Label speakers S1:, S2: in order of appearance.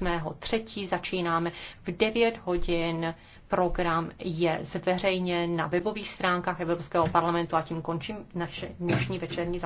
S1: 8.3. začínáme v 9 hodin. Program je zveřejněn na webových stránkách Evropského parlamentu a tím končím naše dnešní večerní zasedání.